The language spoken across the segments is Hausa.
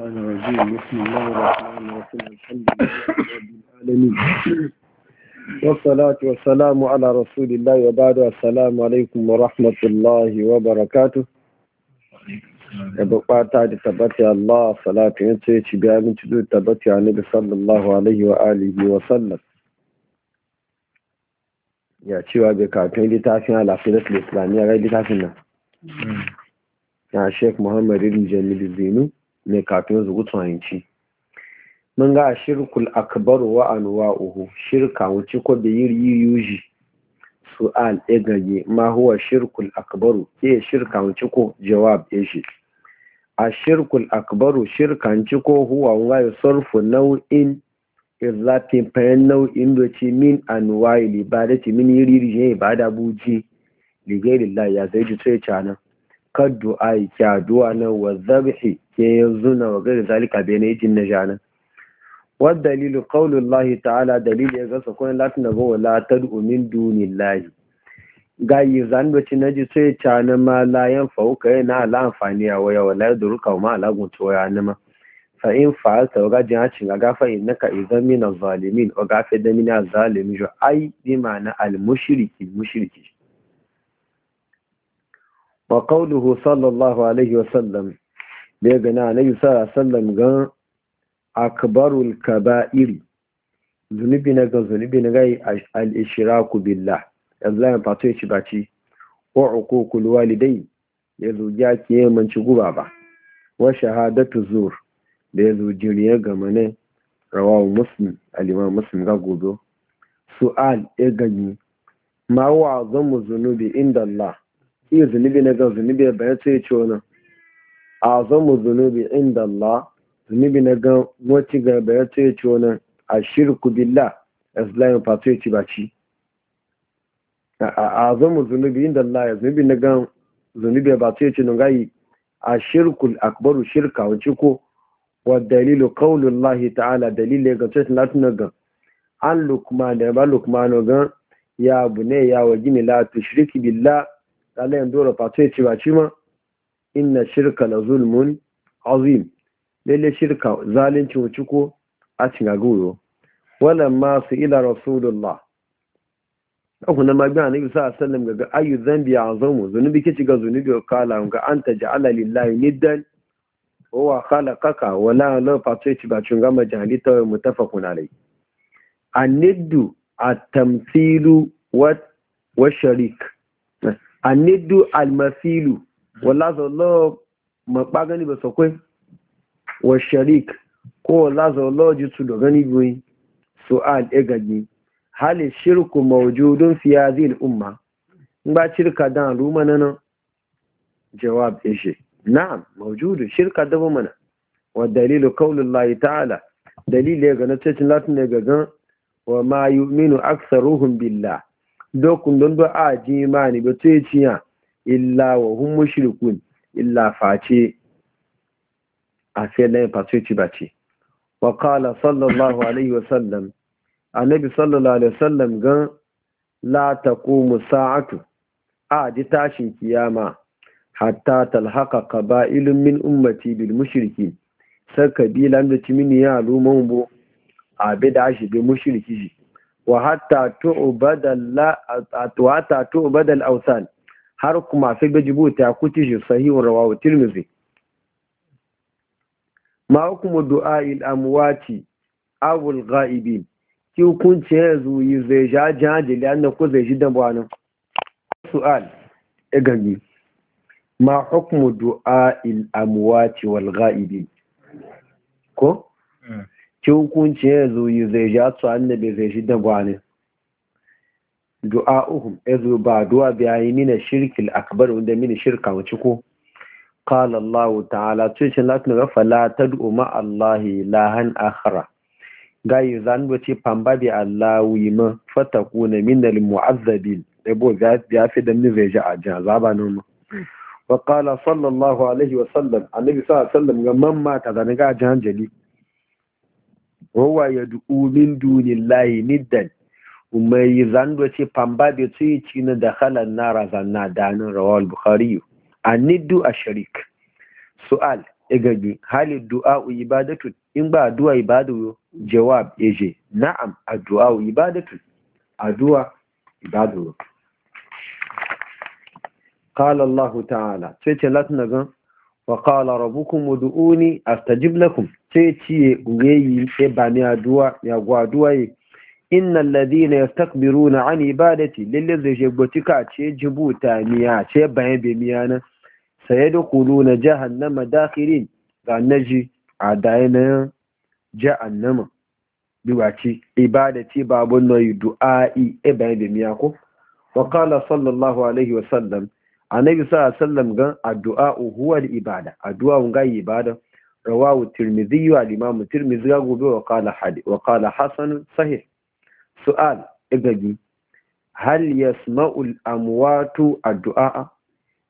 الرحمن الرجيم بسم الله الرحمن الرحيم الحمد لله رب العالمين والصلاة والسلام على رسول الله وبعد السلام عليكم ورحمة الله وبركاته ta da tabbatar Allah salatu ya ce ci biya min cizo tabbata ya nabi sallallahu alaihi wa alihi wa sallam ya cewa bai katon littafin alafiyar islamiyya rai littafin nan na sheik muhammad ibn jamil zinu mai kafin su tsohanci mun ga shirkul akbar wa anwa'uhu shirka wuce ko da yiri yuji su'al egage ma huwa shirkul akbar ke shirka wuce ko jawab ya shi a shirkul akbaru shirka wuce ko huwa wa sarfu nau'in izlatin fayan nau'in ce min anwa'i ce min yiri ba ibada buji lillahi ya zai ji tsaye canan Kaddu, ke kyaduwa na wa ke yanzu na wa gari zalika bai na yajin na jana wadda dalilu kaulun lahi ta'ala dalili ya gasa kuma latin da gowa la umin dunin dunillahi ga yi zanbaci na ji sai ta na ma layan fauka yana ala amfani a waya wa layar da ruka ma alagun toya na ma fa fa'alta wa gajin hacin a gafa in naka izan min zalimin wa gafe da mina zalimin ai bi al mushriki wa qawluhu sallallahu alaihi wa sallam da ga na alaihi sallam gan akbarul kaba'iri zunubi na ga zunubi na gai al-ishraku billah yanzu lai fato ya ci baci wa uququl walidai ya zuja ki yamanci guba ba wa shahadatu zur da ya zujiriya ga mane rawawu muslim al-imam muslim ga gobe su'al ya gani ma wa azamu zunubi inda Allah iya zunubi na gan zunubi ya bayan sai ce wani a mu zunubi inda Allah zunubi na gan wacce ga bayan sai ce wani a shirku billah islamin fato ya ci ba ci a mu zunubi inda Allah ya zunubi na gan zunubi ba sai ce nunga yi a shirku akbaru shirka wacce ko wa dalilu kawulun lahi ta'ala dalilu ga cikin latin gan an lukman da ba lukmanu gan ya bu ne ya wa gini la tushriki billah lalayan dora fatu ya ce ba ci ma inna shirka la zulmun azim lalle shirka zalunci wuci ko a cin agoro wannan ma su ila rasulullah ɗauku na magbi a nabi sa'a sallam ga ayu zambi a zamu zunubi kici ga zunubi wa kala ga an ta ja'ala lillahi niddan wa kala kaka wala la fatu ya ce ba cin gama jahali ta mutafakun alai anniddu at-tamthilu wa wa sharik anidu almasilu wala zolo mapagani ba sokwe wa sharik ko wala zolo jitu da gani goyi su'al egaji hali shirku mawjudun fi hadhihi umma in ba shirka dan mana, nan jawab ma ojú mawjudu shirka da mana wa dalilu qaulullahi ta'ala dalili ga na cikin latin ne ga wa ma minu aksar, ruhun billah dokun don do a ji imani ba to ciya illa wa hum mushrikun illa face a sai na ba to ci ce. wa kala sallallahu alaihi wa sallam annabi sallallahu alaihi wa sallam gan la taqumu sa'atu a ji tashin kiyama hatta talhaka qaba'ilun min ummati bil mushrikin sai kabilan da mini ya lumun bu abi da shi bi mushriki wa hatta tu'bada al-awsan har kuma fi gajibuta kuti shi sahihun rawahu tirmidhi ma hukumu du'a'i al-amwati aw al-ghaibin ki hukunci yanzu yi zai ja jajili annan ko zai shi da bwanin su'al e gangi ma hukumu du'a'i al-amwati wal ghaibin ko hukunci ya zo yi zai ja su annabi zai shi da gwanin du'a'uhum ezu ba du'a bayani mina shirki al-akbar wanda mina shirka wace ko qala Allah ta'ala tuchin la tuna fala tad'u ma Allah la han akhra gai zan wace pamba bi Allah wi ma fatakuna min al-mu'azzabin ebo ya fi da mina zai ja azaba nan wa qala sallallahu alaihi wa sallam annabi sallallahu alaihi wa sallam ga mamma wawa ya du'u min dunillahi niddan mai zando ce pamba da tsuyi ci na da halan nara zanna danin rawal bukhari a niddu a sharik su'al igabi halin du'a ibadatu in ba addu'a ibadatu jawab eje na'am addu'a ibadatu addu'a ibadatu قال الله تعالى تيتي لاتنا وقال ربكم ادعوني استجب لكم sai ciye yi ya ba ni aduwa ya gwaduwa yi inna alladhina yastakbiruna an ibadati lalle zai je gotika ce jibuta miya ce bayan be miya na sayadkhuluna jahannama dakhirin ga naji a dayana jahannama duwaci ibadati babun noyi du'a'i e bayan be miya ko wa qala sallallahu alaihi wa sallam annabi sallallahu alaihi wa sallam ga addu'a huwa ibada addu'a ga ibada rawahu tirmidhi wa al-imam tirmidhi ga gobe wa qala hadi wa qala hasan sahih su'al igabi hal yasma'u al-amwatu addu'a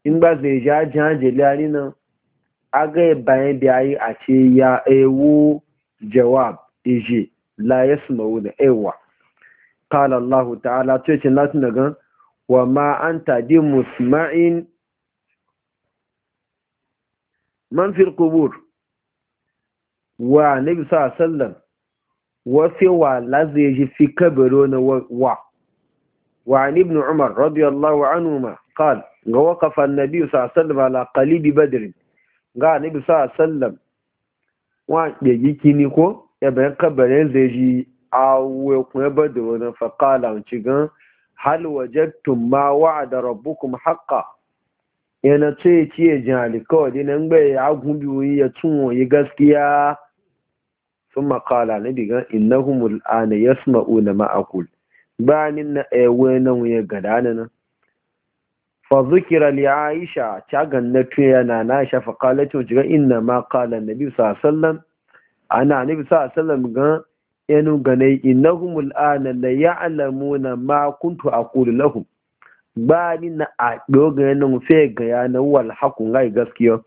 in ba zai ja jajilari nan aga bayan da yayi a ce ya ewo jawab iji la yasma'u da ewa qala allah ta'ala to ce nasu daga wa ma anta bi musma'in man fil qubur wa nabi sallallahu wa sewa lazi ya fi kabiru na wa wa ni ibn umar radiyallahu anhu ma qal ga waqafa an-nabi sallallahu ala qalib badr ga nabi sallallahu wa be yiki ni ko e ben kabare zeji awe ku e badr na fa qala an cigan hal wajadtum ma wa'ada rabbukum haqqan yana ce ci e jali ko dinan be agun bi wi ya tun wo yi gaskiya sun makala na digan innahumul ana ya sma'u na ma'akul bayanin na ewe na wuya gada na nan fazukira li aisha cagan na tuya na na aisha faƙala ce jiga na biyu sallan ana na sa sallan gan yanu ganai innahumul ana la ya'lamu na ma kuntu aqulu lahum bayanin na a dogayen nan fe ga yana wal hakun gai gaskiya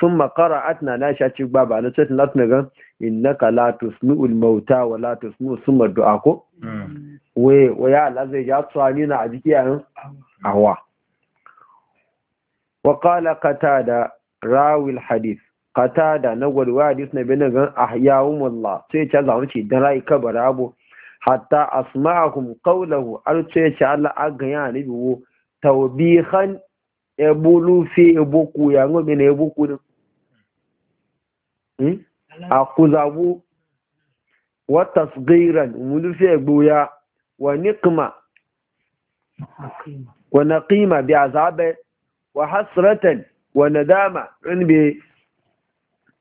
sun makara atina na sha ci gbaba na cikin latin gan innaka la tusmi'ul mauta wa la tusmi'u summa du'a ko hmm. waye waya Allah zai ja tsani na a jiki yayin awa wa qala qatada rawi al hadith da na gwadwa hadith na na gan ahyawum Allah sai ta zamu ci dan rai bara abu hatta asma'akum qawluhu al sai ta Allah aganya ne wo tawbihan ebo lufe ebo ku ya ngo mene ebo ku din hmm? akuzabu wa tasgiran mulufe egbo ya wa nikma wa naqima bi azabe wa hasratan wa nadama in bi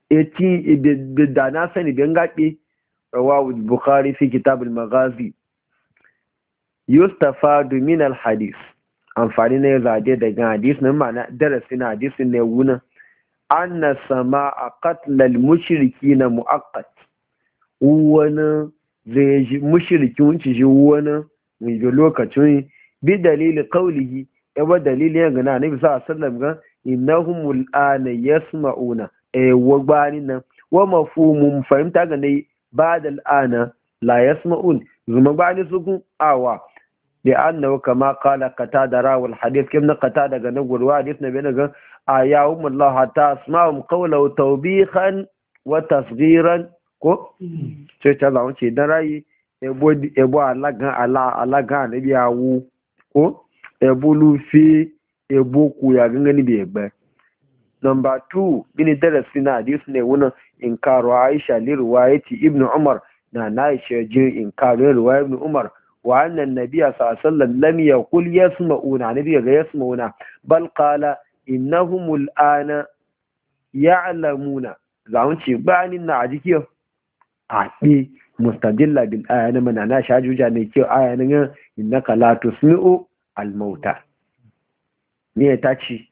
eti bi dana sani bi ngabe rawahu bukhari fi kitab al-maghazi yustafadu min al-hadith amfani na ya zage daga hadisi nan ma'ana darasi na hadisi ne Wuna anna sama a katlal mushiriki na mu'akkat wani zai ji mushiriki wunci ji wani wunji lokacin bi dalilin kaulihi ya ba dalilin yanga na nabi sa'a sallam ga innahum ul'ana yasma'una eh wa gbani nan wa mafhumun fahimta ga ne ba da la yasma'un zuma gbani su kun awa bi annahu kama qala da rawi alhadith kim na qatada daga na gurwa hadith na bin ga ayahu allah ta asma'um qawlahu tawbihan wa tasghiran ko ce ta lawo ce dan rayi ebo ebo alaga ala alaga ne bi awu ko ebo lu fi ebo ku ya ganga ni bi egbe Nomba 2 bin darasi na hadith wuna in karo aisha li riwayati Ibn umar na na aisha ji inkaru riwayati Ibn umar wa annan nabiya sallallahu lam yaqul yasma'una nabi ga yasma'una bal qala innahum al'ana ya'lamuna zamu ce bayanin na ajikiyo a ɗi mustadilla bil aya na mana na shajuja mai kyau aya na innaka la tusmi'u al mauta ne ta ce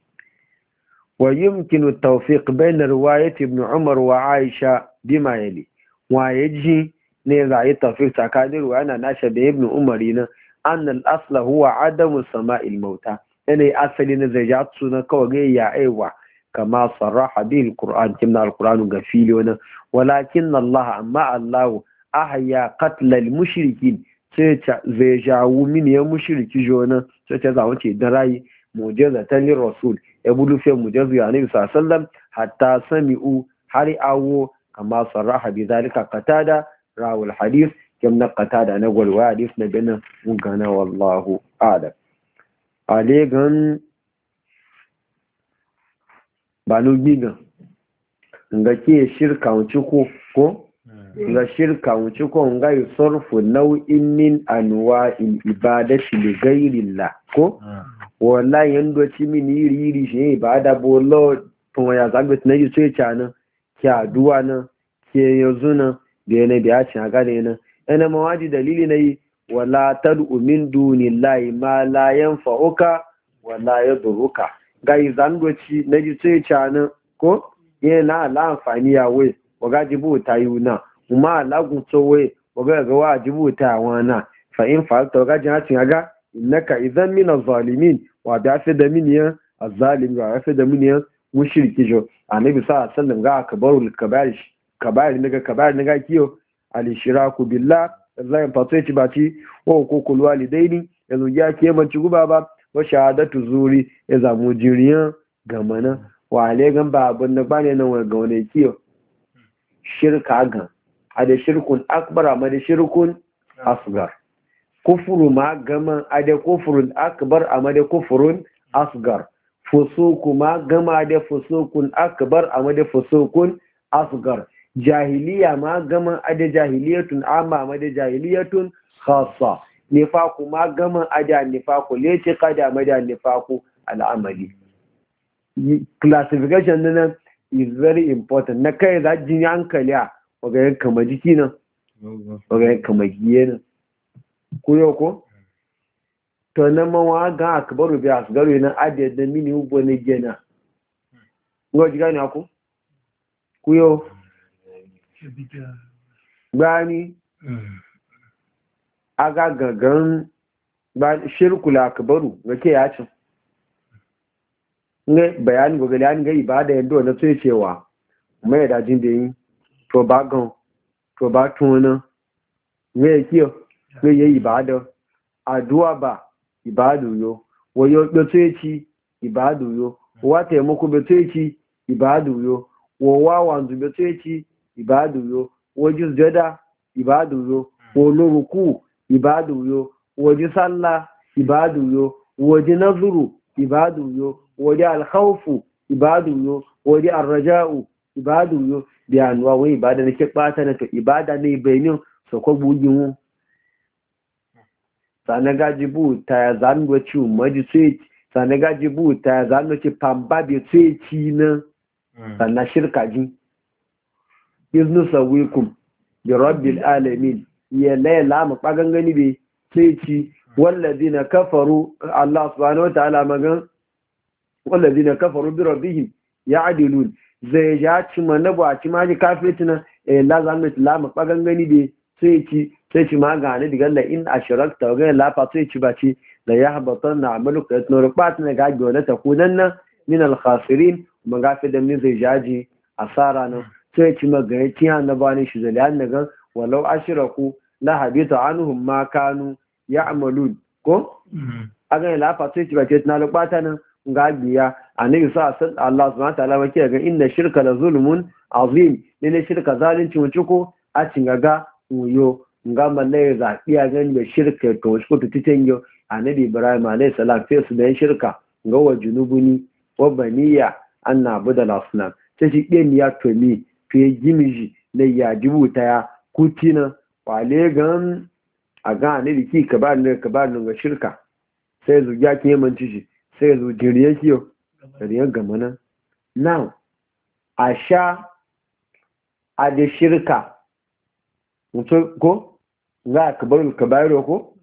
ويمكن Umar wa Aisha, ابن عمر وعائشة بما يلي ويجي ne rayu tafik tsakanin ruwa yana nasha da ibn umari nan an al'asla huwa adamu sama'il mauta yana asali na zai ja suna kawai ga ya aiwa kama sarraha bil qur'an kimna al ga fili wannan walakin amma allahu ahya ya al mushrikin zai jawo mini ya mushiriki jona sai ta ce da rayi mujazatan lir rasul ya budu fe mujazu ya nabi sallallahu hatta sami'u har awo kama sarraha bi zalika katada. rawul hadis kim na qatada na gwalwa hadis na bina mun gana wallahu a'lam ale gan ba no gbigan nga ke shirka wuce ko ko hmm. nga shirka wuce ko nga yi nau'in min anwa'il ibadati li ghairillah ko hmm. wala yando ci min yiri yiri shi ibada eh, bo lo to ya zagbe na yi sai cana ki aduwa na ki yanzu na da na biya ya ci haga da yana yana mawaji dalili na yi wala tad'u min dunillahi ma la yanfa'uka wala yadurruka gai zangoci na ji sai cana ko yana la amfani ya we waga jibu ta na kuma lagun to we waga ga wa jibu ta wana fa in fa'alta ga jin hatin haga innaka idan min az-zalimin wa da fi da min ya az wa fi da min ya mushriki jo annabi sallallahu alaihi wasallam ga akbarul kabaish kabari daga kabari daga kiyo alishiraku billah zayin fatoyi ci baci wa hukukul walidaini ya zugi ake yamanci guba ba wa shahadatu zuri ya zamu jiriyan gamana wa alegan ba abin da bane nan wa gaune kiyo shirka gan a da shirkun akbar amma da shirkun asgar kufuru ma gama a da kufurun akbar amma da kufurun asgar fusoku ma gama da fusukun akbar amma da fusukun asgar jahiliya ma gaman ada jahiliyatun amma ma da jahiliyatun khassa nifaku ma gama ada nifaku leci kada ma da nifaku al'amali classification nan is very important na kai za jin yankali a wagayen kama jiki nan wagayen kama giye nan ku yau ko to na mawa ga akabaru biya su garo yana adiyar da mini ugbo na gena ngwaji ni ako ku yau gbani hmm. aga gangan shirkula akabaru ga ke yacin ne bayani gogali an ga ibada yadda na tsoye cewa mai dajin da yi to ba gan to ba tona ne ya kiyo ne ya ibada aduwa ba ibadu yo wayo ɓe tsoye ci ibadu yo wa taimako ɓe ci ibadu yo wa wanzu ɓe tsoye ci ìbáàdù yo wojú jẹ́dá ìbáàdù yo olórukú hmm. ìbáàdù yo wojú sálà ìbáàdù yo wojú nazuru ìbáàdù yo wojú alkhawfu ìbáàdù yo wojú arraja'u ìbáàdù yo bí ànúwà wọn ìbáàdà ní kípátá ní ìbáàdà ní ibẹ̀yìn sọ̀kọ́ gbógi wọn sanaga buta ya zanwa ci umaji tsoyeci sanaga buta ya zanwa ci pamba bi tsoyeci na sanashirka ji iznu sawikum bi rabbil alamin ya laila mu pagangani be sai ci walladina kafaru Allah subhanahu wa ta'ala magan walladina kafaru bi rabbihim ya'dilun zai ja ci manabu ba ci ma ji kafetina eh la zamu la mu pagangani be sai ci sai ci ma gane diga la in asharakta ga la fa sai ci ba ci la yahbatanna amaluka yatnuru na ga gona ta kunanna min al khasirin mun gafe da min zai jaji asara nan sai ci magana tiya na bani shi zali an ga walau ashiraku la habita anhum ma kanu ya'malun ko mm-hmm. aga la fatu ci ba ce na lubata nan ga biya annabi sa san Allah subhanahu wataala ke ga inna shirka la zulmun azim ne ne shirka zalunci wuce ko a cingaga uyo nga mallai zaɓi a gani da shirka to shi ko titin yo annabi ibrahim alayhi salam sai su shirka ga wa junubuni wa baniya anna budal asnam da ta shi ɗin ya fe gimiji na ya jibuta ya kutina kwale gan a ga ne da ki kabar ne kabar ne ga shirka sai zu ya ke manci shi sai zu jiriya kiyo gama nan now a sha a da shirka mutu ko ga kabar kabar ko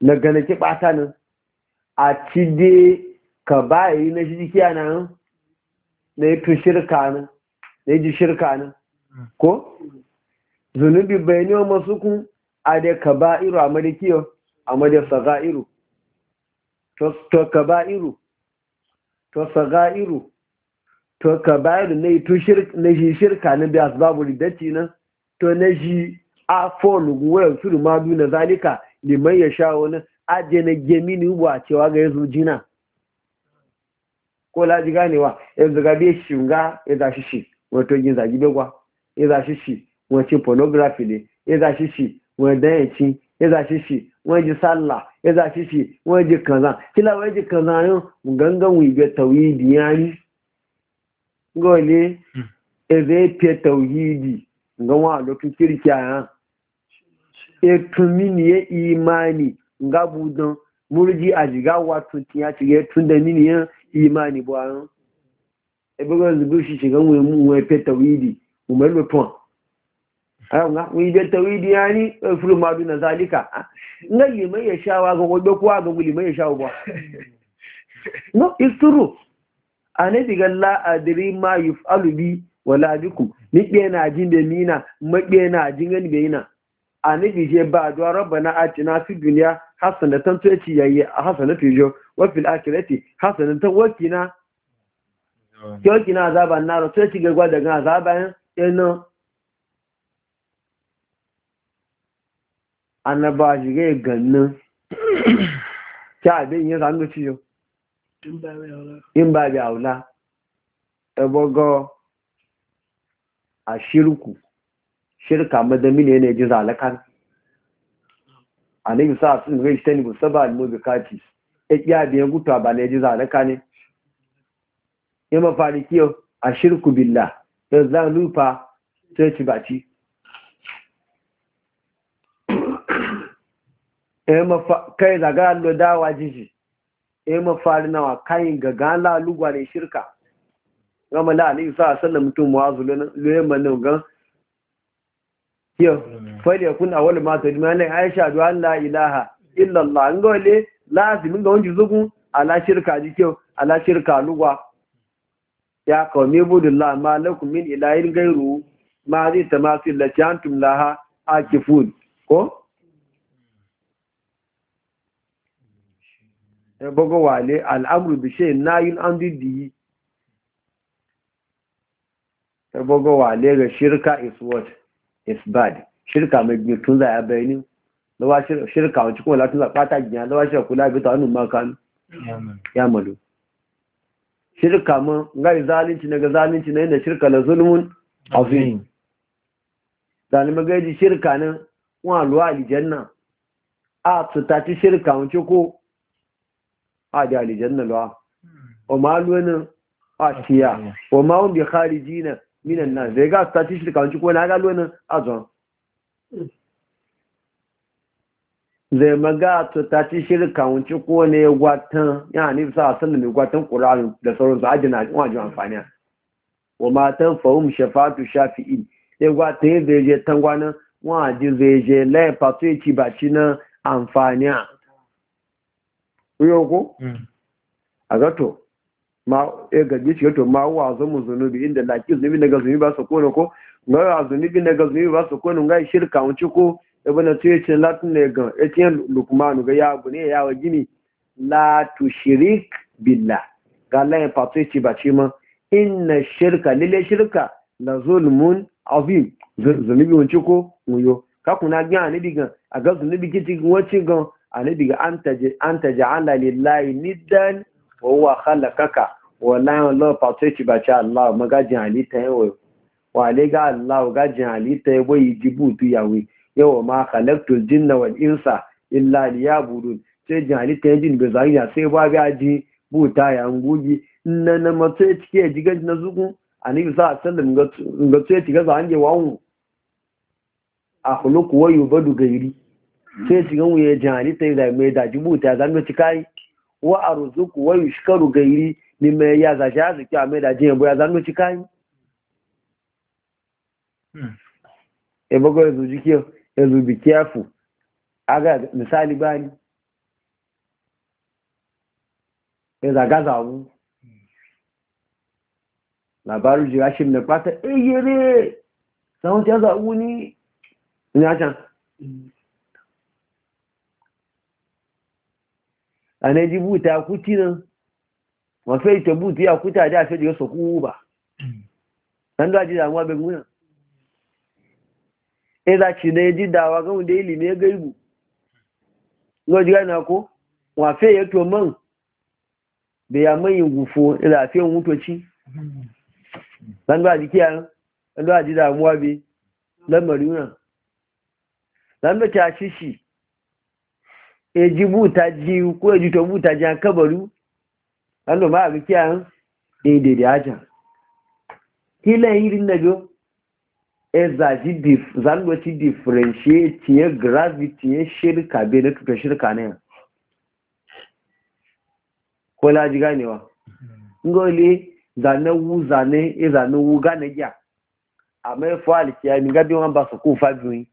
na gane ki bata nan a ci dai ka na shirki ana nan na yi tun shirka nan zai ji shirka ne ko zunubi bai ne masu kun a da iru a madikiyo a madar iru? to iru to iru to kaba'iru na shi shirka na biya babu ridaci nan to na shi a folugu wayan su ma na zalika liman ya sha wani ajiye na ne ubuwa cewa ga yanzu jina ko laji ganewa yanzu gabe shunga ya shi wato yin zagi begwa ya za shi shi wace pornography ne ya za shi shi wani dayanci ya za shi shi wani ji salla ya za shi shi wani ji kaza kila wani ji kaza yin gangan wibe tauhidi ya ni gole eze pe tauhidi ga wa lokacin kirkiya ya etumi ni ya imani ga budan murji a jiga wato tiya tiga tun da ni ya imani bo an ebego zubu shi shiga mu mu mu pe tawidi mu mai lo ton ai nga mu be tawidi yani fulu madu na zalika ah, nga limai ya shawa ga gobe kuwa ga limai ya shawa ba no isuru ane diga la adri ma yufalu bi wala bikum ni be na jin be mina ma be na jin gani be ina ane dije ba do rabbana atina fi dunya hasanatan tuci yayi hasanatu jo wa fil akhirati hasanatan wakina tí ó kì náà àzába náà tí ó ti gẹ̀gbà dẹ̀gbà àzába ẹ̀nà anaba àṣìgẹ́ ìgànnà tí àbí ìyẹn sàánú tí yọ ìbàbí àwùlá ẹgbọ́gọ́ àṣírùkù shirka madami ne yanayin jin zalakan a nabi sa ni rai shi ta nibu saba al-mubikati e ya kiya biyan gutuwa ya mafari yau a shirku billah ya za lufa sai ci baci eh, kai zagara allo dawa jiji ya eh, mafari nawa kayin gaga lalugwa ne shirka gama la'alai sa sallar mutum wazu loyan manin gan yau fari ya kuna wani mata jimanin aisha duwa la ilaha illallah ngole gole lazimin ga wani zugun ala shirka jikiyar ala shirka lugwa ya qaumi budullah ma lakum min ilayin gairu ma zai tamasil la jantum laha akifun ko ya bago wale al'amru bi na yin an diddi ya bago wale ga shirka is what is bad shirka mai bi tun za ya bayani lawa shirka wacce kuma latin za pata gina lawa shirka kula bi ta annun makan ya malu shirka mun ga zalunci na ga zalunci na inda shirka la zulmun azim zalima ga ji shirka nan wa alwa aljanna a ci shirka mun ko a da aljanna luwa o malu nan a tiya o ma un bi kharijina minan nan zai ga ta ci shirka mun ko na ga lwa nan azan zai maga to ta ci shirka wunci ko ne gwatan ya ne bisa san da mai gwatan qur'ani da sauran su ajina wajen amfani wa matan fahum shafatu shafi'i ya gwatan zai je tangwana waje zai je lai fatu ya ci baci na amfani kuyo ko a gato ma ya gaji shi gato ma wa zumu zunubi inda laki zunubi na ga zunubi ba su kone ko ga zunubi na ga zunubi ba su kone ga shirka wunci ko ibn tuyce latin ne ga etiyan lukmanu ga yawo ne yawo gini la tushrik billah ga la en patoci ba ci ma inna shirka lile shirka la zulmun azim zunubi wunci ko muyo ka kuna ga ani diga a ga zunubi kici wanci ga ani diga anta anta ja'ala lillahi niddan wa huwa khalaqaka wa la la patoci ba ci Allah magajin halitta yawo wa le ga Allah ga gajin halitta yawo yijibu tu yawe yawa ma khalaqtul jinna wal insa illa liyabudun sai jin halitta ya jin bai ya sai ba ga ji buta ya ngugi na na mace cike jigan ganci na zuku annabi sa sallam ga to ya tiga zanje wawu akhluqu wa yubadu gairi sai ci ganwe ya jin halitta da mai da ji buta zan ci kai wa arzuku wa yushkaru gairi ni mai ya za ja zuki a mai da jin boya ya zanga ci kai hmm. e ya yanzu be careful aga misali bani yanzu zaga abu labarin jira shi mai fata eyere eh, sahun ta zaɓu ni a can a na ji buta kuti nan mafi ita buta ya kuta da fi jiya su ba, ɗan gaji damuwa bai muna e za ci na ji dawa ga wanda ilimi ya gaibu ga ji gana ko wafe ya to man bai ya manyan gufo da eh, lafiyan wutoci zan ba jiki yan zan ba ji damuwa bi lamari yuna zan ba ta shi shi e ji buta ji ko e ji to buta ji an kabaru zan ba ga kiyan eh, daidai da aja. kila yi rin na biyu ezaji zanwaci differentiate ya gravity ya shirka bai na tuta shirka ne ko laji ganewa ngole zane wu zane e na wu gane gya amma e ya fi aliki ya mi gabi wọn ba su ko fabiyoyi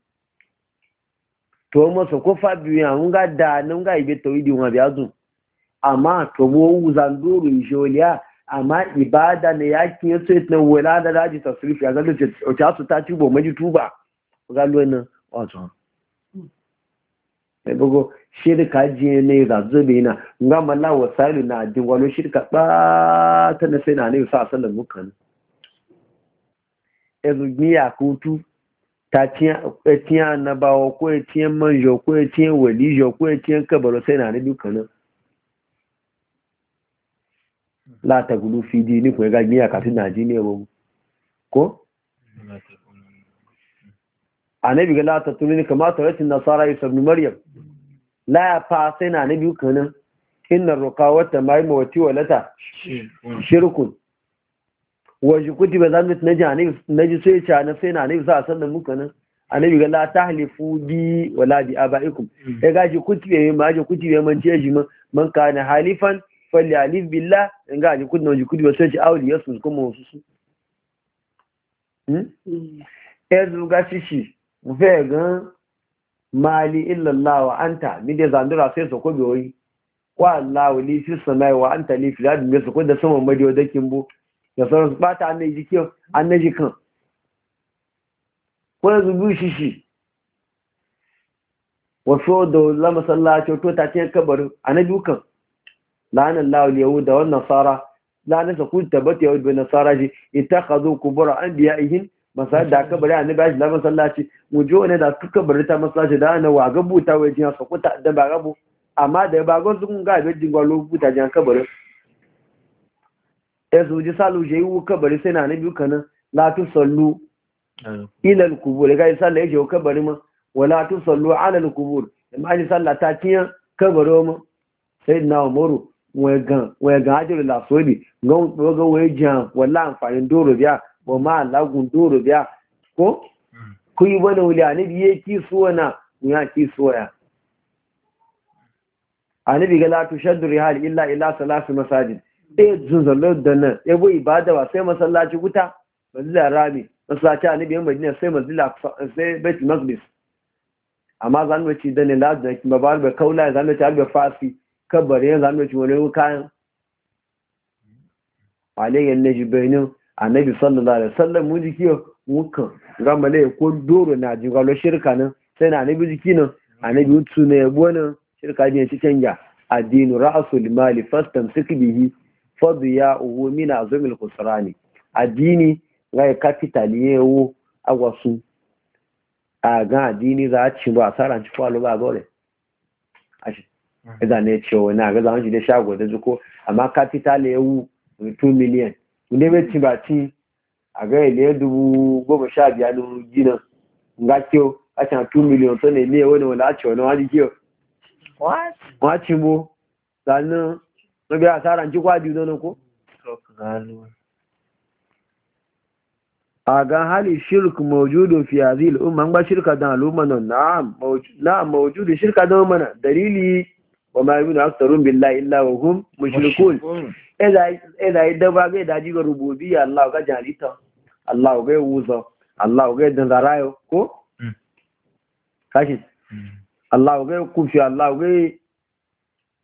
to mo su ko fabiyoyi a nga da na nga ibe to idi wọn bi azun amma to mo wu zandoro ishe oliya amma ibada ne yakin yato ya na wula da daji ta a zalo ce a su ta tubo maji tuba zalo nan shirka jiye ne da zobe na nga mala na din walo shirka ba ta na sai na ne sa sallan mukan ezumiya kutu ta e tiya na bawo ko e tiyan manjo ko e tiyan ko kabaro sai na ne látẹ̀gùnú fi di nípò ẹgbẹ́ gbé àkàtí nàìjíríà wọ́n kó anẹ́bí ga látàtúrí ní kama tọ̀rẹ́tì nasara ìsọ̀bí maryam láàpá sai na anẹ́bí kanan inna roka wata mai mawati wa lata shirkun waje kuti za mu na ji sai ce na sai na halifan fali alif billah in ga jikudu na jikudu ba sai ci auli ya su kuma wasu su ya zuga shi, fe gan mali illallawa, wa anta mi da zandura sai su ko biyoyi wa Allah li fi samai wa anta li fi ard mi su ko da saman madiyo da kimbo da sauran su bata annai jikin annai kan ko yanzu biyu shishi wasu da lama sallaci to ta ce kabarin annabi kan la'ana Allah al-yahuda wan nasara la'ana ta kun tabbata yahud bin nasara ji ittakhadhu qubur anbiya'ihim masal da kabari annabi ashi lamun sallaci mu jo ne da kuka bari ta masallaci da ana wa gabuta wai jin su kuta da ba gabu amma da ba gon sun ga be jingwa lokuta jin kabari eh su ji salu je wu kabari sai na annabi kana la tu sallu ila al-qubur ga sallai je kabari ma wala tu sallu ala al-qubur amma ni sallata kiyan kabaro mu sayyidina umaru wegan ajiyar lafoli ga wai jiyan wala amfanin doro wa ma lagun doro ko hmm. yi wani wuli a nabi ya ki suwa na ya a nabi ga latu shaddu rihal illa illa salasu masajid ɗaya e, zunzalo da nan ya e bu ibada sai masallaci wuta mazila rami masallaci a madina sai mazila sai baitul maqdis amma zanuwa ci da fasi kabarin ya zama cikin wani kayan alayyar na jibenin annabi sallallahu alaihi wasallam mun jiki wukan gama ne ko doro na jigalo shirka nan sai na annabi jiki nan annabi utu ne yabo nan shirka ne cikin ya addinu ra'sul mali fastamsik bihi fadu fadiya uhu min azmil khusrani addini ga capital yewo agwasu a ga addini za a ci ba saran ci falo ba gore ashi iza ne cewa na ga zaman shi da shago da zuko amma capital ya wu 2 million inda bai ci ba ci a ga ile dubu goma sha gina nga kiyo a can 2 million to ne ne wani wani a cewa na wani kiyo wa ci mu sannan na biya asaran ci biyu na ko a ga hali shirk fi hadhihi al-umma an ba shirka dan al-umma na'am dalili wa ma yuminu aktharun billahi illa wa hum mushrikun ila idan ba ga daji ga rububiyya Allah ga jalita Allah ga wuzo Allah ga dan zarayo ko kashi Allah ga kufi Allah ga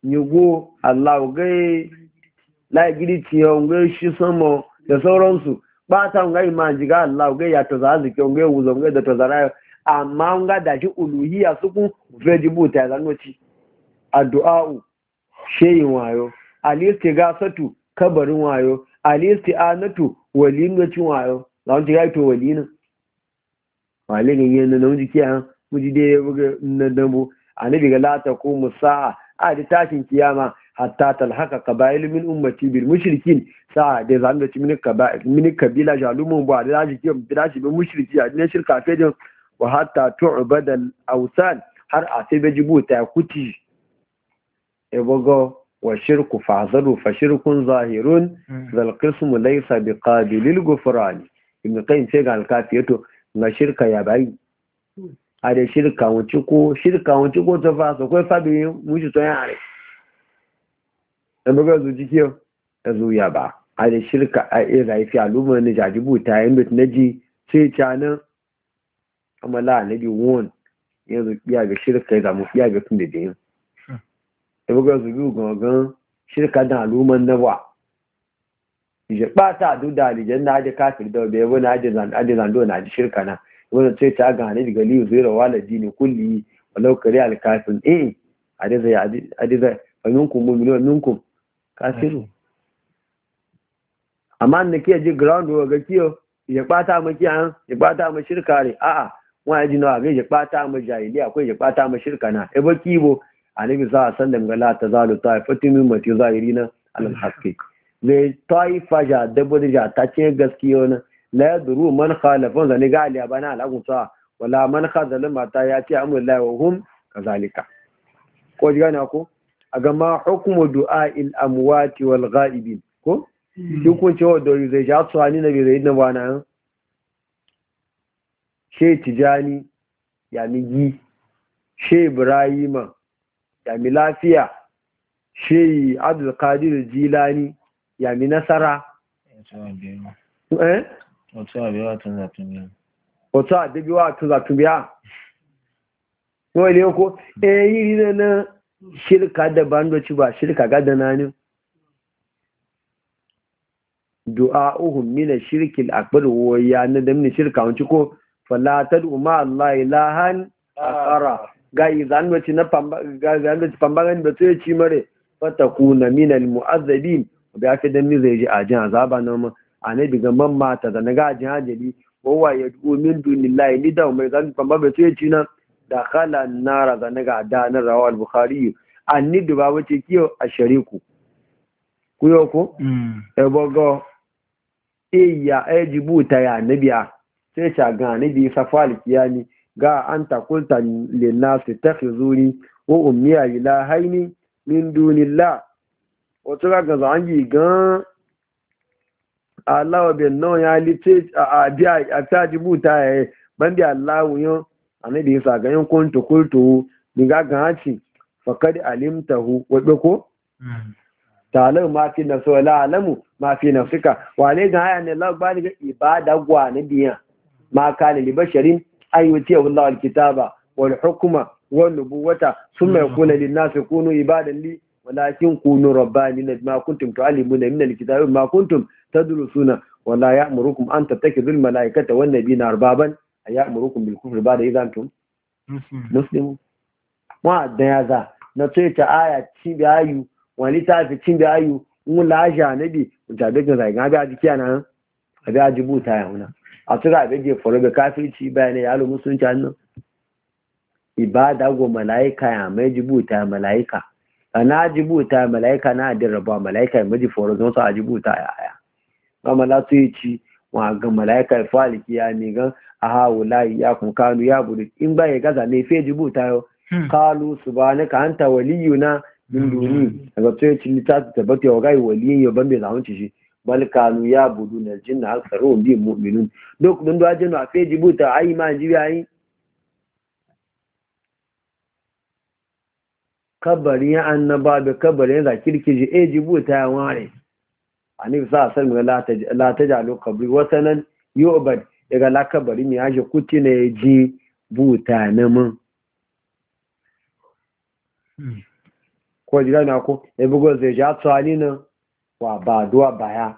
nyugo Allah ga la gidi tiyo ga shi samo da sauransu ba ta ga imanji ga Allah ga ya to ke ga wuzo ga da to zarayo amma ga daji uluhiya su ku vejibu ta zanoci addu'a'u sheyin wayo alisti Gasatu kabarin wayo alisti Anatu walin wayo ga mu ga to walina ne yin nan mu kiya mu ji dai buga na dambo annabi ga lata ko sa'a a da tashin kiyama hatta talhaka qaba'il min ummati bil mushrikin sa'a da zan da min qaba'il min kabila jalumun ba da ji kiyo da shi bin mushriki a ne shirka fejin wa hatta tu'bada al-awsan har a sai bejibu ta kuti ebogo wa shirku fahzaru fa shirkun zahirun zal qismu laysa lil ghufran ibn qayyim ce ga to na shirka ya bai. a da shirka wuci ko shirka wuci ko ta fa so kai fabi mushi to yan are dan buga zu jiki ya zu ya ba a da shirka a e zaifi alumma ne jajibu ta yin bit naji sai canan Amala, la nabi won yanzu biya ga shirka ya zamu biya ga tun da yin ẹgbẹ́gbẹ́ biyu, gangan shirka da aluman na ba je bata aduda alijan na aje kafir da bai na aje zando na aje shirka na wani sai ta ga hannu daga liyu zira wala dini kulli walau kare alkafin eh aje zai aje zai fa minkum mu'minu kafiru amma da ke ji ground wa ga kiyo ya bata mu kiyan ya bata mu shirka ne a'a wani aji nawa ga ya bata mu jahiliya akwai ya bata mu shirka na e kibo annabi za a sallam ga la ta zalu ta fatu min mati zahiri na alal haske zai taifa ja dabba da ja ta ce gaskiya wani la ya duru man khalafan zane ga aliya bana alagun sa wala man khazalin mata ya ce amur la wa hum kazalika ko ji gane ko a gama hukumu du'a il amuwati wal ga'ibi ko hukunci hmm. wa dori zai ja su hannu na bai zai na bana tijani ya migi she ibrahima yami lafiya shehi abdulkadir jilani yami nasara eh? otu abewa tun zatumbiya wani eh, ilé oko ẹ̀yí rina na. shirka da bandoci ba shirka gada na ne du'a uhum mina shirkin akbar wa na da mina shirka wanci ko falatar umar la'ilahan a kara. ga izanuci na fambagan da tsaye ci mare fata na minal mu'azzabin da ya fi don ni zai ji a jin azaba na mu a na diga man mata da na gajin ajin hajjali Kowa ya duwo min dunillahi ni da mai zan pamba da tsaye ci na da kala nara da na ga na rawa al-bukhari an ni duba wace kiyo a shariku ku mm. yau ko ebogo iya ejibu ta ya nabiya sai shagan nabi safal kiyani ga an takulta linnasi ta zuri wa ummiya ila haini min dunilla wato ga ga an yi gan alawa bin nan ya lice a biya a ta jibuta ya yi bandi allahu yin anabi yasa ga yin kuntu kultu ni ga ga haci fakad alimtahu wabe ko hmm. talau ma fi na sola alamu ma fi suka wale ga haya ne lagbani ga ibada gwa na biya ma kana li basharin an yuti Allah alkitaba wal hukma wal nubuwata thumma yakuna lin nasi kunu ibadan li walakin kunu rabbanin ma kuntum tu'allimuna min alkitabi ma kuntum tadrusuna wala ya'murukum an tattakidu al malaikata wan nabiyina arbaban ya'murukum bil kufri ba'da idh antum muslimun wa da yaza na ce ta aya ci bi ayu wani ta fi cin bi ayu mun la ja nabi mutabe ga zai ga bi a jiki ana abi ajibu yauna a tura abin da faru ga kafirci bayanai ya lo musulunci hannun ibada go malaika ya mai jibuta malaika ana jibuta malaika na adin rabuwa malaika ya maji faru zan sa a jibuta ya aya ga malatu yi ci wa ga malaika ya faliki ya ne gan a hawo layi ya kun kanu ya buru in ba ya gaza ne fe jibuta yau hmm. kalu subhanaka anta waliyuna min duni hmm. daga tsoye ci littafi tabbata ya wa gai waliyin yau ban bai zamanci shi bal kanu ya budu na jinna aksaru bi mu'minun duk dun do ajinu afi jibuta ai ma jibi yi. kabari ya annaba da kabari da kirkiji e jibuta ya ware annabi sa san mu la ta la ta jalo kabri watanan yu'bad daga la kabari mi yaje kuti ne ji buta na mun ko jira na ko e bugo zai ja tsali na wa duwa baya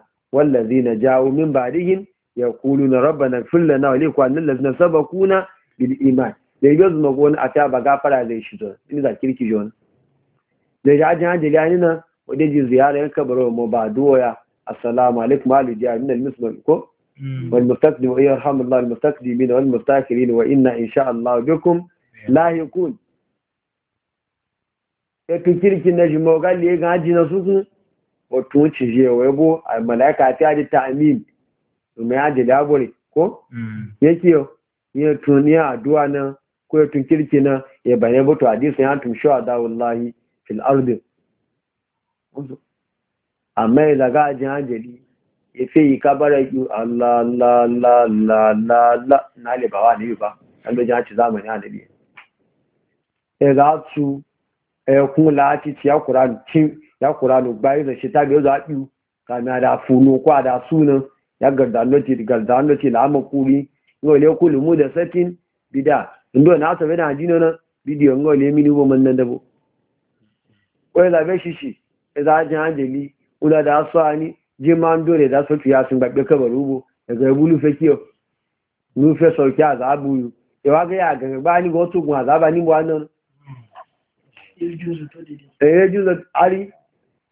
na jawo min badihim yaquluna rabbana ighfir lana wa liikhwanina allazina sabaquna bil iman da yi zuma ko wani ata ba gafara zai shi zo ni za kirki wani? da ya ajiye hajji gani na wadda ji ziyara yanka baro mu ba ya? assalamu alaikum wa alihi min al muslim ko hmm. wal mustaqdim wa yarhamullahu al mustaqdimin wal mustaqirin wa inna insha Allah bikum lahiqun ya kirki na jimo gali ga ajina na suku wato wuce je waibo a mala'ika ta ji ta'amin mai haji labure ko mm. yake ya tuniya addu'a na ko ya tunkirki na ya bayan butu hadisi ya tumshi wa dawullahi fil ardi amma ya laga ajin hajjali ya fi yi kabara yi Allah la la la la la na libawa ne ba an lojin hajji zamani hajjali ya za su ya kuma la'aci ciya kurani ya kuranu bayan da shi ta biyo za biyu kana da funo ko da suna ya garda lati garda lati la ma kuri ngo le kulu mu da satin bida ndo na asabe na jino na bidiyo ngo le mini bo man nan dabo ko la be shi shi e za jan anjeli ula da asani je man dole da sotu ya sun gabbe kabaru bo daga bulu fekiyo nu fe so kya za bu e wa ga ya ga ba ni go tugun Ba ni bo anan e juzu to dide e eh, juzu ari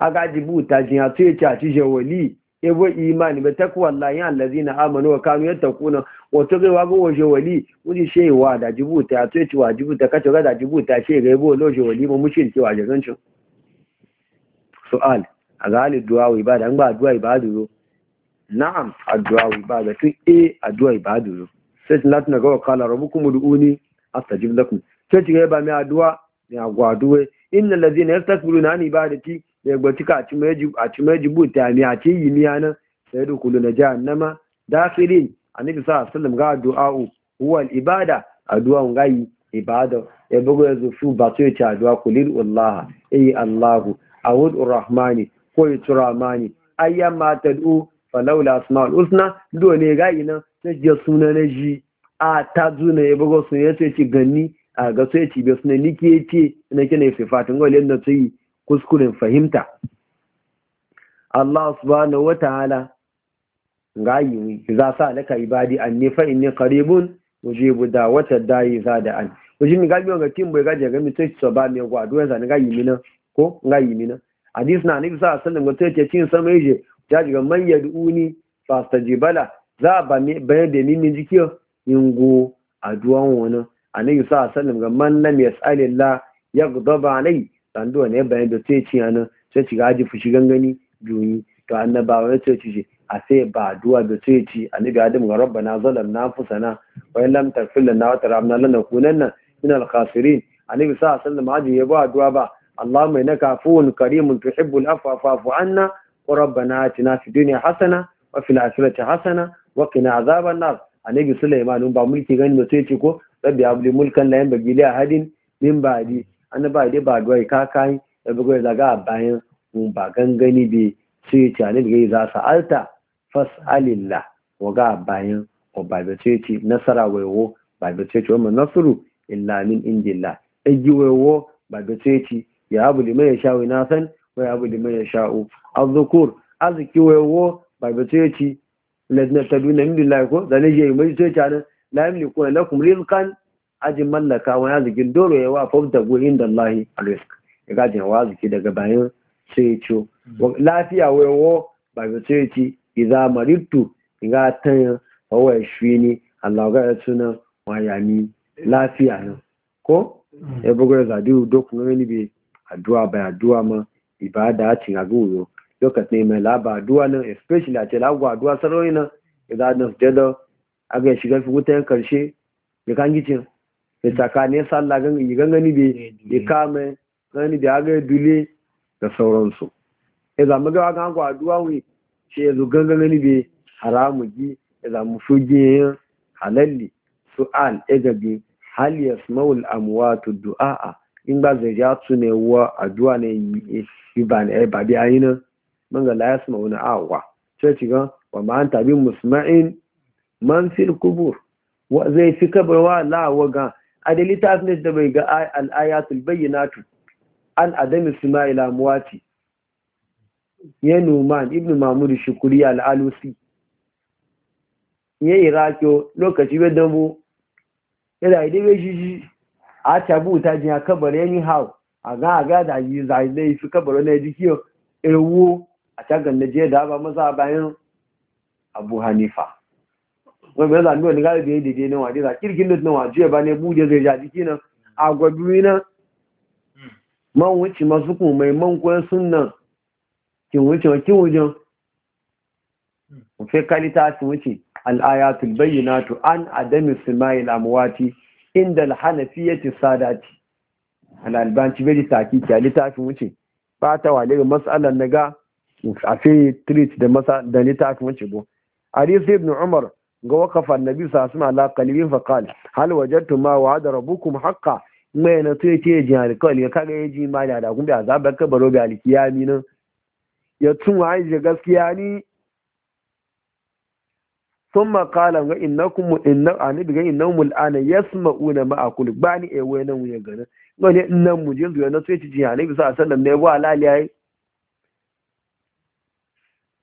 aga jibu ta jiya ya ci a cije wali ebo imani ba takwa Allah ya lazina, amanu wa kanu wa? wato ga wago waje wali she wa da jibu ta ya ci wa jibu ta kace ga da jibu ta she ga ebo je wali mu mushin ci wa jagancin su'al a ga hali du'a wa ibada an ba duwa ibadu zo na'am addu'a wa ibada tun e addu'a ibadu zo sai latin ga kala rabbukum du'uni astajib lakum sai ga ba mai addu'a ne agwaduwe innal ladina yastakbiruna an ibadati da ya cika a ci mai ta ne a ci yi miya nan sai da kulu na jihar nama dafirin a nufi sa asalin ga du'a'u huwal ibada addu'a ga yi ibada ya bugu ya zufu ba so ya ci addu'a kulil wallaha allahu awud urrahmani ko ya tura mani ayyan ma tad'u falawla asma'ul husna dole ga yi nan sai ji suna na ji a ta zuna ya bugu sun ya ce ganni a ga so ya ci bai suna nike ce na kina sifatin gwalin na su yi kuskuren fahimta Allah subhanahu wa ta'ala ga yi za sa laka ibadi an ne fa inni qaribun ujibu wata da'i za da an uji mi gabi biyo ga kin bai ga je ga mi to so ba mi gwa duwa za ni ga yi mi na ko ga yi mi na hadis na nufi sallallahu alaihi ga to ce cin sama je ya ji ga man yad'uni fastajibala za ba mi bayan da ni min jikiyo in go aduwan wona annabi sallallahu alaihi wasallam ga man lam yas'alillah yaghdab alayhi Sanduwa ne bayan da sai ci yana sai ci gaji fushi gangani juyi to annabawa ya ce ci a sai ba duwa da sai ci annabi adam ga na na fusana wa in lam taghfir lana wa nan ina min al-khasirin annabi sa sallam haji ya ba duwa ba allahumma innaka afuwun karimun tuhibbul afwa fa'fu anna wa rabbana atina fid dunya hasana wa fil akhirati hasana wa qina azaban nar annabi sulaiman ba mulki gani da sai ci ko rabbi abli mulkan la yanbaghi li ahadin min ba'di an ba dai ba gwai ka kai da bugo da ga bayan mun ba gangani bi sai ta ne da za sa alta fasalilla wa ga bayan o ba da ce ci nasara wayo ba da ce ci wannan nasuru illa min indillah egi wayo ba da ce ci ya abu liman ya sha'u na san wa ya abu liman ya sha'u azkur azki wayo ba da ce ci ladna taduna indilla ko zane je mai ce ci la yamliku lakum rizqan ajin mallaka wani arzikin dole ya wa fafta go inda Allah risk ya gaji wa arziki daga bayan sai ce hmm. lafiya wayo ba ga sai ci iza maridtu ga tan wa shi ni Allah ga ya suna wayani lafiya ne ko hmm. ya bugu da zadi duk ne bi addu'a bai addu'a ma ibada cin agogo lokacin mai laba addu'a nan especially a ce lagwa addu'a sarori nan idan na fitar da aga shiga fi wuta ya karshe da kan gicin ya tsakanin sallah gangani be eh, ya kame gangani da aga dule da sauransu ya zama gawa ga hankwa aduwa wi ce ya zo gangani be haramu ji ya zama su ji halalli su al egabi hal ya smawul amwatu du'a'a in ba zai su ne wa aduwa ne yi ba ne ba bi ayi nan ga la ya na awa sai ci ga wa ma an musma'in man fil kubur wa zai fi wa la wa gan a da littafin da bai ga al'ayatul bayyanatu an adam ismail amwati ya numan ibn mahmud shukuri al'alusi ya irakiyo lokaci bai dambu ya da idai bai shi a tabu ta jiya kabar yanyi hau a ga a ga yi zai fi kabar wani jikiyo irwo a tagan da jiya da ba maza bayan abu hanifa wani mai zanen wani gari da ya daidai na waje za kirkin da na waje ba ne buje zai ja jiki nan a gwabi na man wuce masu kuma mai man kuwa kin wuce wa kin wujen fi kalita sun wuce al'ayatul bayyinatu an adami simayil amwati inda alhanafiyyati sadati al'albanci bai taki ki a littafin wuce ba ta wale ga matsalar na ga a fi treat da littafin wuce bo hadisi ibn umar ga wakafa annabi sa suna la qalbin fa qal hal wajadtu ma wa'ada rabbukum haqqan mai na tuye jihar jin ne kaga ya ji ma da kun bi azabar baro bi alkiyami nan ya tun wa aisha gaskiya ni sun makala ga innakum inna ani biga innahum al'ana yasma'una ma aqul bani e eh, wayna wuya gana ne, innan mu je zuwa na tuye ce jin ne sallallahu a sannan ne wa alaliya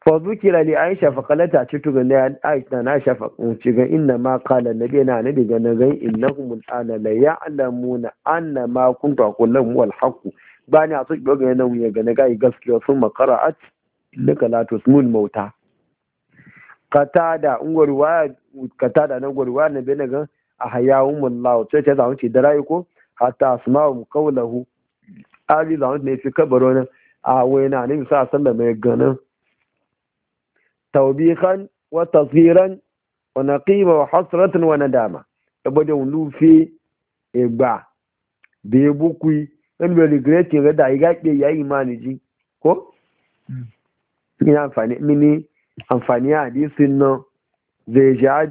fa zukira li aisha fa qalata tutuga na aisha na aisha fa ciga inna ma qala nabi na nabi ga na ga innahum al'ana la ya'lamuna anna ma kuntu aqulu wal haqq bani a tsoki ga nan ya ga na ga gaskiya sun makara'at laka la tusmul mauta katada ungwar waya katada na gwar waya na bene ga a hayawun mullahu sai ta zama ce da rayu ko hatta asma'u qawlahu ali zama ne fi kabaro na a wayna ne sa sallama ya ganin taubikan wa tasgiran wa naqima dama. hasratan wa nadama ibada lufi egba be bukui en be regret ga da iga ke ya imani ji ko ina amfani mini amfani hadisin nan zai ja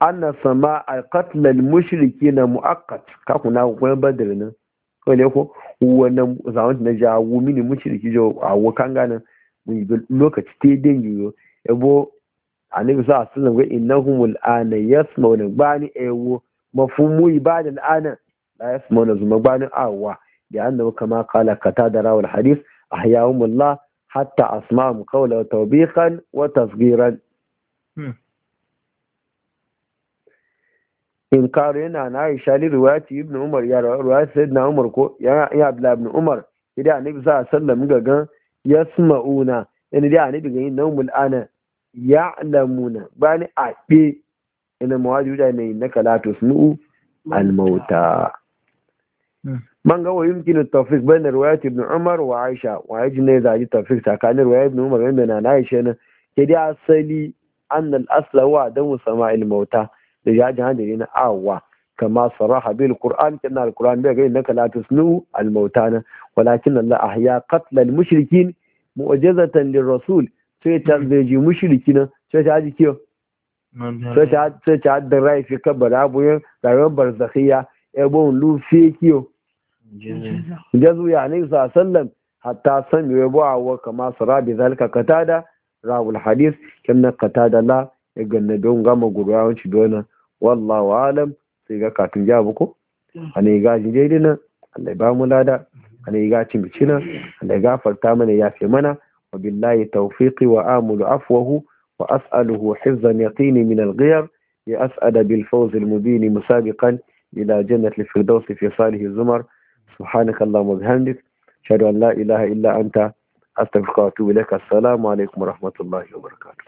anna sama alqatl almushrikina muaqqat ka kuna kuma badr nan ko ne ko wannan zaman na jawo mini mushriki jo a wakan ganin lokaci ta te den yiwu ebo annabi sa sallam ga innahum al'ana wani bani ewo mafhumu Na ana la wani zuma bani awa da annabi kama qala qatada rawal hadith ahyahum allah hatta asma'um qawla tawbihan wa tasghiran hmm. in karo yana na aisha li riwayati ibn umar ya riwayati na umar ko ya abdullah ibn umar idan annabi sa sallam ga gan yasma'una yana da ne daga yin naumul ana ya'lamuna ba ni a ɓe ina mawaju da ne na kalato al almauta hmm. man ga wayin kinu tawfik bayan riwayat ibn umar wa aisha wa yaji ne zaji tawfik tsakanin riwayat ibn umar da na aisha na ke dai asali an al asla wa sama'il mauta da ya ji hadari na awa kama saraha bil qur'an kana al qur'an bai gani naka la tusnu al mautana walakin allah ahya qatl al mushrikin mu'jizatan lir rasul sai ta zai mushrikina sai ta ji kiyo sai ta da rai fi kabara buyin rayuwar barzakhiya ebon lu fi kiyo jazu ya ne sa sallam hatta san yi ba wa kama sara bi zalika katada rawul hadis kimna katada la ya ganna don gama gurbawanci dona wallahu alam sai ga katun ja ko mm. ne ga jin nan Allah ba mu lada ne ga cin bici nan Allah gafarta mana ya fi mana wa billahi tawfiqi wa amulu afwahu wa as'aluhu hizzan yaqini min al-ghiyar ya as'ada bil fawz al-mubin musabiqan ila jannati al-firdaus fi salih zumar subhanaka allahumma wa bihamdik ashhadu an la ilaha illa anta astaghfiruka wa atubu ilaik assalamu alaikum wa rahmatullahi wa barakatuh